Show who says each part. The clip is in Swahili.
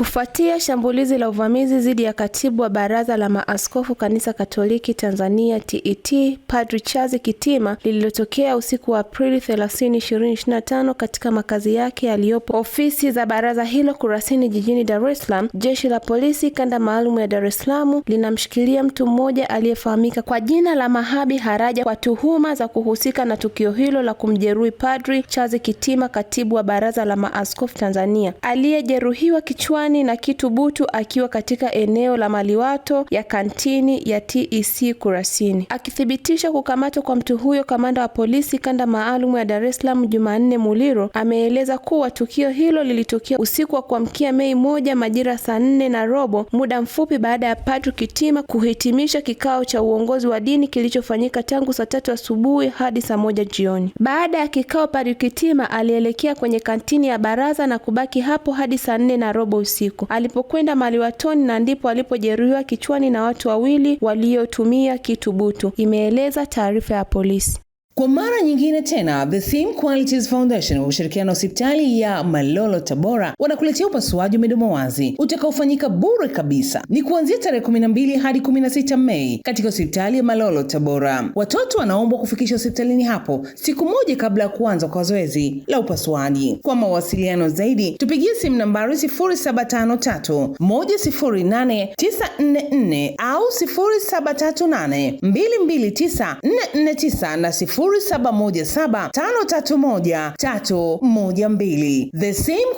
Speaker 1: Kufuatia shambulizi la uvamizi dhidi ya katibu wa Baraza la Maaskofu Kanisa Katoliki Tanzania TET e Padri Charles Kitima lililotokea usiku wa Aprili 30, 2025 katika makazi yake yaliyopo ofisi za baraza hilo Kurasini jijini Dar es Salaam, jeshi la polisi kanda maalumu ya Dar es Salaam linamshikilia mtu mmoja aliyefahamika kwa jina la Mahabi Haraja kwa tuhuma za kuhusika na tukio hilo la kumjeruhi Padri Charles Kitima, katibu wa Baraza la Maaskofu Tanzania, aliyejeruhiwa kichwani Amani na Kitu Butu akiwa katika eneo la maliwato ya kantini ya TEC Kurasini. Akithibitisha kukamatwa kwa mtu huyo, kamanda wa polisi kanda maalum ya Dar es Salaam Jumanne Muliro ameeleza kuwa tukio hilo lilitokea usiku wa kuamkia Mei moja majira saa nne na robo, muda mfupi baada ya Padri Kitima kuhitimisha kikao cha uongozi wa dini kilichofanyika tangu saa tatu asubuhi hadi saa moja jioni. Baada ya kikao, Padri Kitima alielekea kwenye kantini ya baraza na kubaki hapo hadi saa nne na robo usiku usiku alipokwenda maliwatoni, na ndipo alipojeruhiwa kichwani na watu wawili waliotumia kitu butu, imeeleza taarifa ya polisi.
Speaker 2: Kwa mara nyingine tena, The Theme Qualities Foundation wa ushirikiano hospitali ya Malolo Tabora wanakuletea upasuaji wa midomo wazi utakaofanyika bure kabisa. Ni kuanzia tarehe 12 hadi 16 Mei katika hospitali ya Malolo Tabora. Watoto wanaombwa kufikisha hospitalini hapo siku moja kabla ya kuanza kwa zoezi la upasuaji. Kwa mawasiliano zaidi, tupigie simu nambari 0753 au 0738 229 na 0 mbili The same